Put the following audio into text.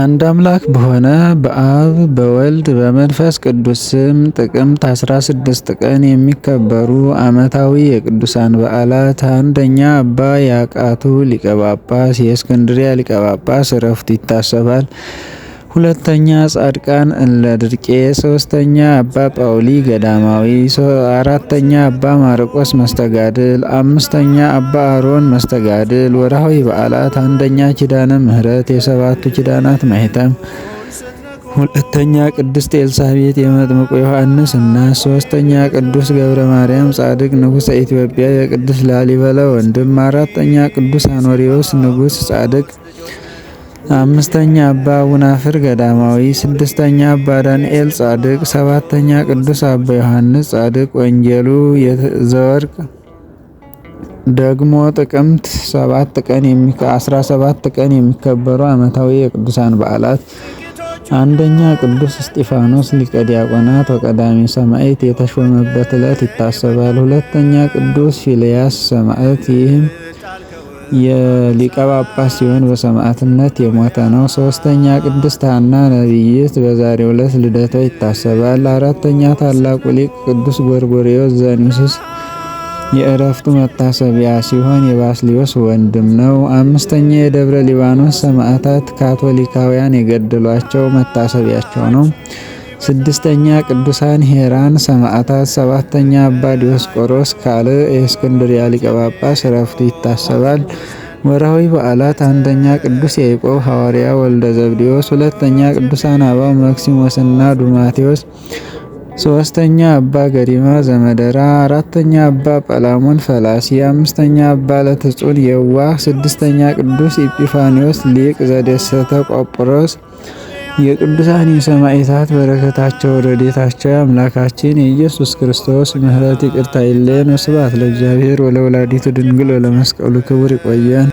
አንድ አምላክ በሆነ በአብ በወልድ በመንፈስ ቅዱስ ስም ጥቅምት 16 ቀን የሚከበሩ ዓመታዊ የቅዱሳን በዓላት፣ አንደኛ አባ ያቃቱ ሊቀ ጳጳስ የእስክንድሪያ ሊቀ ጳጳስ ዕረፍቱ ይታሰባል። ሁለተኛ ጻድቃን እለ ድርቄ፣ ሶስተኛ አባ ጳውሊ ገዳማዊ፣ አራተኛ አባ ማርቆስ መስተጋድል፣ አምስተኛ አባ አሮን መስተጋድል። ወርሃዊ በዓላት አንደኛ ኪዳነ ምሕረት የሰባቱ ኪዳናት ማኅተም፣ ሁለተኛ ቅድስት ኤልሳቤጥ የመጥምቁ ዮሐንስ እናት፣ ሶስተኛ ቅዱስ ገብረ ማርያም ጻድቅ ንጉሠ ኢትዮጵያ የቅዱስ ላሊበላ ወንድም፣ አራተኛ ቅዱስ አኖሪዎስ ንጉሥ ጻድቅ አምስተኛ አባ አቡናፍር ገዳማዊ፣ ስድስተኛ አባ ዳንኤል ጻድቅ፣ ሰባተኛ ቅዱስ አባ ዮሐንስ ጻድቅ። ወንጌሉ ዘወርቅ ደግሞ ጥቅምት 7 ቀን የሚከ 17 ቀን የሚከበሩ ዓመታዊ የቅዱሳን በዓላት አንደኛ ቅዱስ እስጢፋኖስ ሊቀ ዲያቆናት ወቀዳሚ ሰማዕት የተሾመበት ዕለት ይታሰባል። ሁለተኛ ቅዱስ ፊልያስ ሰማዕት ይህም የሊቀ ጳጳስ ሲሆን በሰማዕትነት የሞተ ነው። ሶስተኛ ቅድስት ሐና ነቢይት በዛሬው ዕለት ልደቷ ይታሰባል። አራተኛ ታላቁ ሊቅ ቅዱስ ጎርጎርዮስ ዘንስስ የእረፍቱ መታሰቢያ ሲሆን የባስሊዮስ ወንድም ነው። አምስተኛ የደብረ ሊባኖስ ሰማዕታት ካቶሊካውያን የገደሏቸው መታሰቢያቸው ነው። ስድስተኛ ቅዱሳን ሄራን ሰማዕታት። ሰባተኛ አባ ዲዮስቆሮስ ካልዕ የእስክንድርያ ሊቀ ጳጳስ ይታሰባል። ወርሃዊ በዓላት፣ አንደኛ ቅዱስ ያዕቆብ ሐዋርያ ወልደ ዘብዴዎስ፣ ሁለተኛ ቅዱሳን አባው መክሲሞስና ዱማቴዎስ፣ ሶስተኛ አባ ገሪማ ዘመደራ፣ አራተኛ አባ ጳላሞን ፈላሲ፣ አምስተኛ አባ ለትጹን የዋህ፣ ስድስተኛ ቅዱስ ኢጲፋንዮስ ሊቅ ዘደሰተ ቆጵሮስ የቅዱሳን የሰማዕታት በረከታቸው ረድኤታቸው የአምላካችን የኢየሱስ ክርስቶስ ምሕረት ይቅርታ ይለየን። ስብሐት ለእግዚአብሔር ወለወላዲቱ ድንግል ወለመስቀሉ ክቡር። ይቆየን።